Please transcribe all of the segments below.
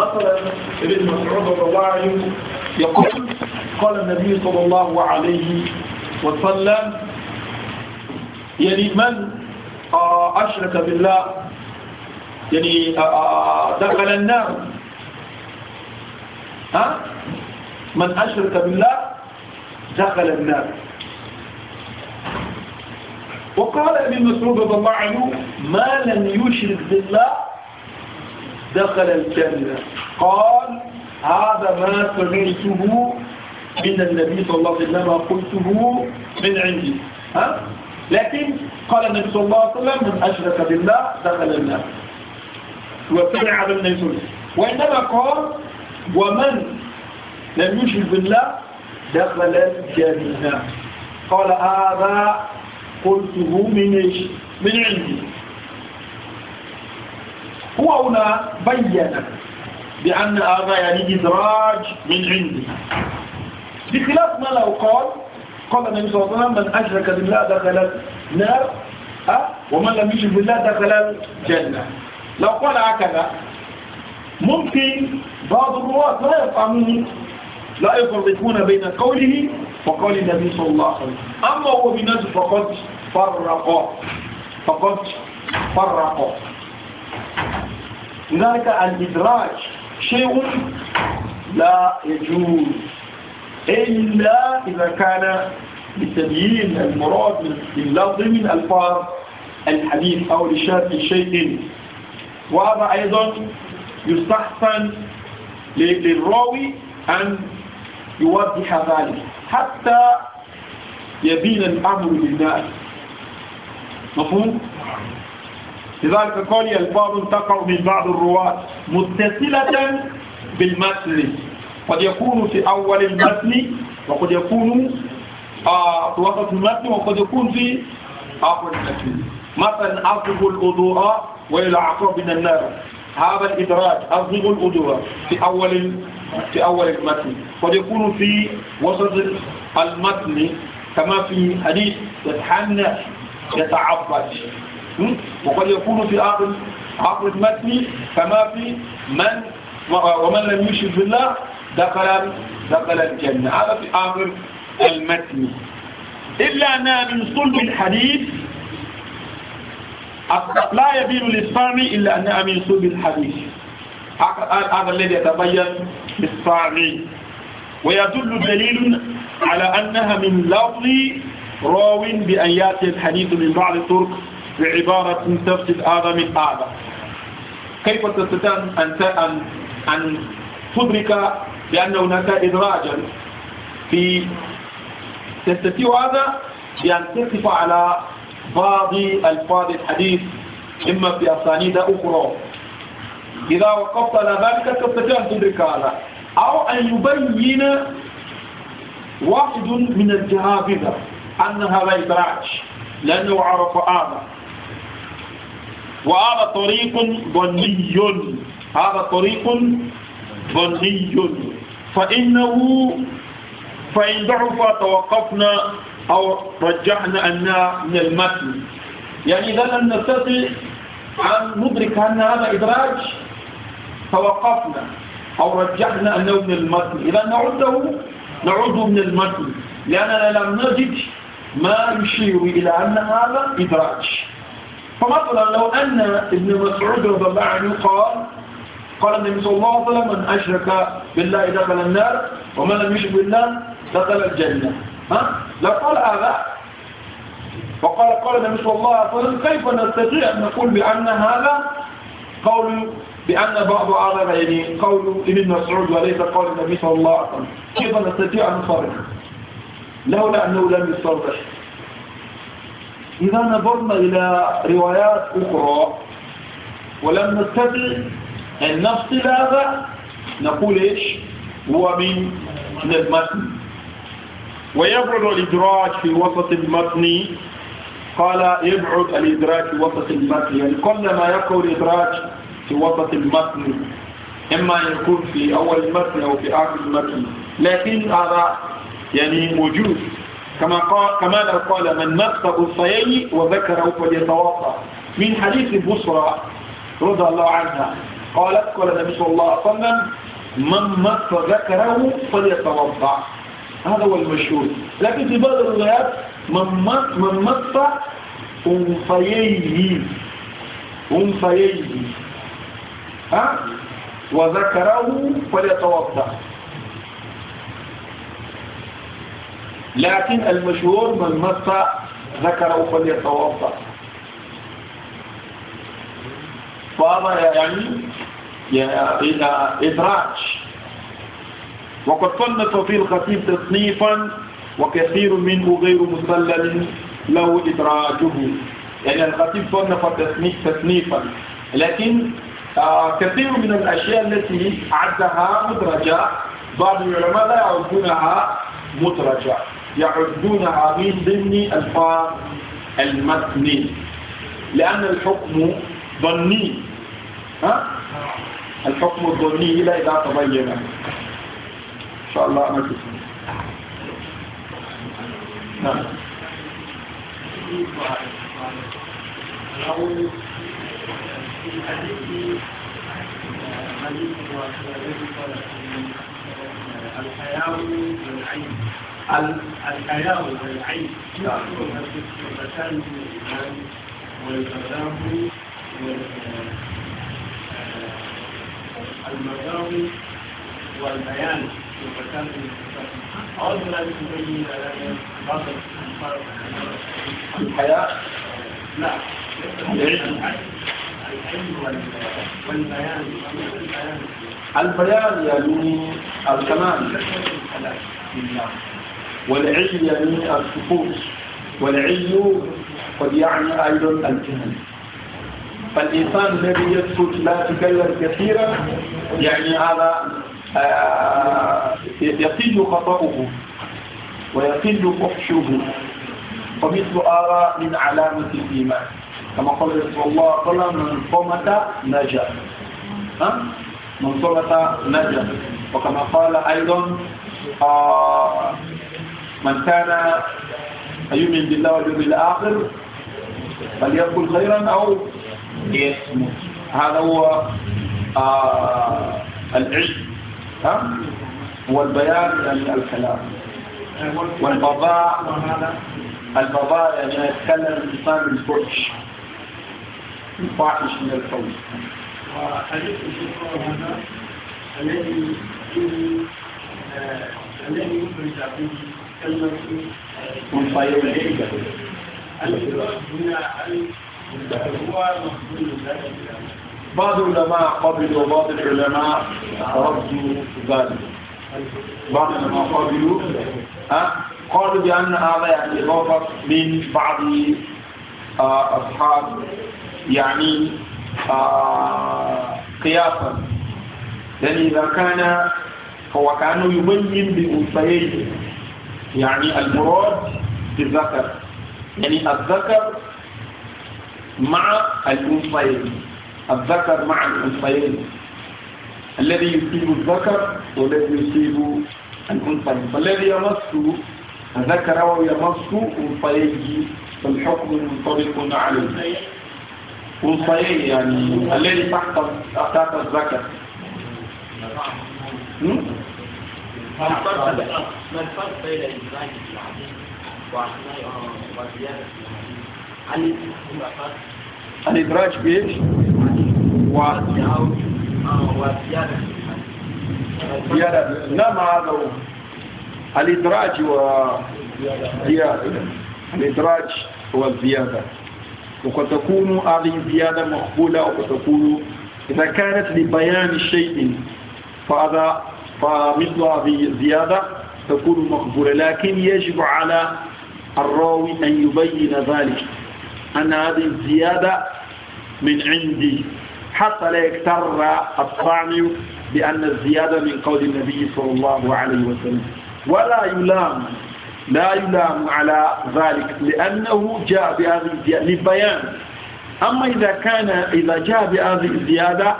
مثلا ابن مسعود رضي الله عنه يقول قال النبي صلى الله عليه وسلم يعني من آه، أشرك بالله يعني آه، آه، دخل النار ها من أشرك بالله دخل النار وقال ابن مسعود رضي الله عنه ما لم يشرك بالله دخل الجنة قال هذا ما سمعته من النبي صلى الله عليه وسلم قلته من عندي ها؟ لكن قال النبي صلى الله عليه وسلم من أشرك بالله دخل النار وسمع على النبي صلى الله عليه وسلم وإنما قال ومن لم يشرك بالله دخل الجنة قال هذا قلته من من عندي هو هنا بين بأن هذا يعني إدراج من عندنا بخلاف ما لو قال قال النبي صلى الله عليه وسلم من أشرك بالله دخل النار أه؟ ومن لم يشرك بالله دخل الجنة لو قال هكذا ممكن بعض الرواة لا يفهمون لا يفرقون بين قوله وقول النبي صلى الله عليه وسلم أما هو بنفسه فقد فرق فقد فرق هناك الإدراج شيء لا يجوز إلا إذا كان لتبيين المراد باللفظ من ألفاظ الحديث أو لشرح شيء وهذا أيضا يستحسن للراوي أن يوضح ذلك حتى يبين الأمر للناس مفهوم؟ لذلك قال الفاظ تقع من بعض الرواة متصلة بالمثل قد يكون في أول المتن وقد يكون آه، في وسط المتن وقد يكون في آخر المتن مثلا أصب الوضوء ويلعق من النار هذا الإدراج أصب الأضواء في أول في أول المتن قد يكون في وسط المتن كما في حديث يتحنى يتعبد Hmm? وقد يكون في آخر آخر المتن كما في من ومن لم يشرك بالله دخل دخل الجنة هذا في آخر المتن إلا أن من صلب الحديث لا يبين للصامي إلا أنها من صلب الحديث هذا الذي يتبين للصامي ويدل دليل على أنها من لفظ راو بأن يأتي الحديث من بعض الطرق بعبارة تفصل آدم من كيف تستطيع أن أن تدرك بأن هناك إدراجا في تستطيع هذا بأن تقف على بعض ألفاظ الحديث إما في أسانيد أخرى إذا وقفت على ذلك تستطيع أن تدرك هذا أو أن يبين واحد من الجهابذة أن هذا إدراج لأنه عرف آدم وهذا طريق ظني هذا طريق ظني فإنه فإن ضعف توقفنا أو رجحنا أنها من المتن يعني إذا لم نستطع أن ندرك أن هذا إدراج توقفنا أو رجحنا أنه من المتن إذا نعده نعده من المتن لأننا لم نجد ما يشير إلى أن هذا إدراج فمثلا لو أن ابن مسعود رضي الله عنه قال قال النبي صلى الله عليه وسلم من أشرك بالله دخل النار ومن لم يشرك بالله دخل الجنة ها؟ لقال هذا وقال قال النبي صلى الله عليه وسلم كيف نستطيع أن نقول بأن هذا قول بأن بعض أعظم يعني قول ابن مسعود وليس قول النبي صلى الله عليه وسلم كيف نستطيع أن نصرح لولا أنه لم يصرح إذا نظرنا إلى روايات أخرى ولم نستطع أن نفصل هذا نقول إيش هو من المتن ويبعد الإدراج في وسط المتن قال يبعد الإدراج في وسط المتن يعني ما يقول الإدراج في وسط المتن إما يكون في أول المتن أو في آخر المتن لكن هذا يعني موجود كما قال كما لو قال من مس أنثيين وذكره فليتوضأ من حديث بصرى رضي الله عنها قالت قال النبي صلى الله عليه وسلم من مس ذكره فليتوضأ هذا هو المشهور لكن في بعض الروايات من من مس أنثيين أنثيين ها وذكره فليتوضأ لكن المشهور من مس ذكره فليتوضا فهذا يعني إلى إدراج وقد صنف في الخطيب تصنيفا وكثير منه غير مسلل له إدراجه يعني الخطيب صنف تصنيف تصنيفا لكن آه كثير من الأشياء التي عدها مدرجة بعض العلماء لا يعدونها مدرجة يعدونها من ضمن الفاظ المتن لأن الحكم ظني ها الحكم الظني إلى إذا تبين إن شاء الله أنا كسر نعم الحياة والعين الحياة والعيش والمكان والكلام والمداوي والبيان والمكان أعوذ بالله من الشيطان الرجيم بعض الحياة لا والبيان البيان يعني الكمال والعلم يعني السكوت والعلم قد يعني أيضا الجهل فالإنسان الذي يسكت لا يتكلم كثيرا يعني هذا آه، يقل خطأه ويقل فحشه فمثل آراء من علامة الإيمان كما قال رسول الله صلى الله عليه وسلم من صمت نجا من صمت نجا وكما قال أيضا آه من كان يؤمن بالله واليوم الآخر فليقل خيرا أو يسمت هذا هو آه العلم ها هو البيان الكلام والبضاء البضاء يعني يتكلم الإنسان بالفحش الفاحش من الفوز وحديث هذا الذي آه، الذي يخرج به بعض العلماء قبلوا وبعض العلماء ردوا ذلك بعض العلماء قبلوا قالوا بأن هذا يعني إضافة من بعض آه، أصحاب يعني آه، قياسا يعني إذا كان هو كانوا يبين بأنثيين يعني المراد بالذكر يعني الذكر مع الأنثيين الذكر مع الأنثيين الذي يصيب الذكر والذي يصيب الأنثيين فالذي يمس ذكر ويمس أنثيه فالحكم منطبق عليه أنثيين يعني الذي تحت تحت الذكر ما الفرق بين الفرق بين إدراك الحديث وأثناء آه، وزيادة الحديث؟ هل الإدراج بإيش؟ و آه، وزيادة زيادة نعم هذا هو الإدراج والزيادة الإدراج والزيادة وقد تكون هذه الزيادة مقبولة وقد تكون إذا كانت لبيان شيء فهذا فمثل هذه الزيادة تكون مقبولة لكن يجب على الراوي أن يبين ذلك أن هذه الزيادة من عندي حتى لا يكتر الطعن بأن الزيادة من قول النبي صلى الله عليه وسلم ولا يلام لا يلام على ذلك لأنه جاء بهذه الزيادة للبيان أما إذا كان إذا جاء بهذه الزيادة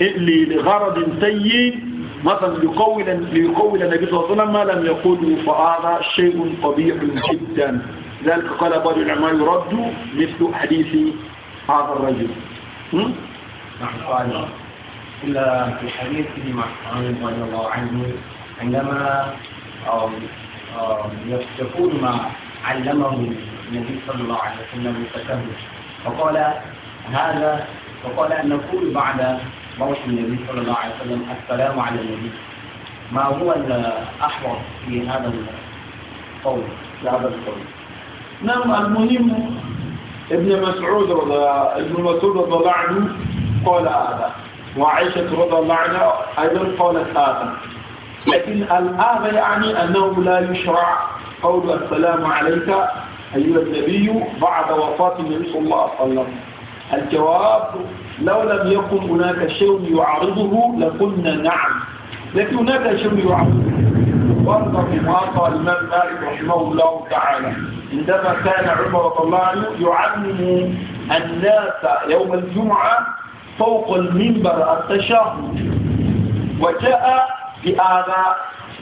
لغرض سيء مثلا ليقول ليقول النبي صلى الله عليه وسلم ما لم يقوله فهذا شيء قبيح جدا ذلك قال بعض العلماء يرد مثل حديث هذا الرجل نعم. إلا في حديث ابن مسعود رضي الله عنه عندما يقول ما علمه النبي صلى الله عليه وسلم التكبر فقال هذا فقال أن نقول بعد موت النبي صلى الله عليه وسلم السلام على النبي ما هو الأحوط في هذا القول في هذا القول نعم المهم ابن مسعود رضي ابن مسعود رضي الله عنه قال هذا وعائشة رضي الله عنها أيضا قالت هذا لكن الآب يعني أنه لا يشرع قول السلام عليك أيها النبي بعد وفاة النبي صلى الله عليه وسلم الجواب لو لم يكن هناك شيء يعارضه لقلنا نعم لكن هناك شيء يعارضه وارضى بما قال الإمام مالك رحمه الله تعالى عندما كان عمر رضي الله عنه يعلم الناس يوم الجمعة فوق المنبر التشهد وجاء بآذى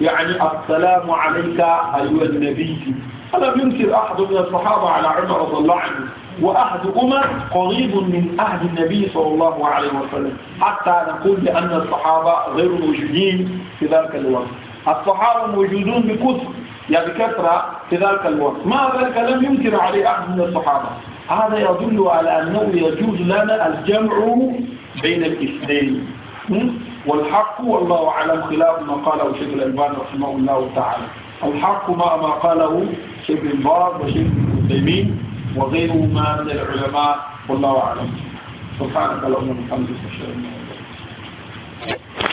يعني السلام عليك أيها النبي فلم ينكر أحد من الصحابة على عمر رضي الله عنه وأحد أمر قريب من أهل النبي صلى الله عليه وسلم حتى نقول بأن الصحابة غير موجودين في ذلك الوقت الصحابة موجودون بكثر يعني بكثرة في ذلك الوقت ما ذلك لم ينكر عليه أحد من الصحابة هذا يدل على أنه يجوز لنا الجمع بين الاثنين والحق والله أعلم خلاف ما قاله شيخ الألباني رحمه الله تعالى الحق ما ما قاله شيخ بن باز وشيخ بن عثيمين وغيرهما من العلماء والله أعلم سبحانك اللهم وبحمدك أشهد أن لا إله إلا أنت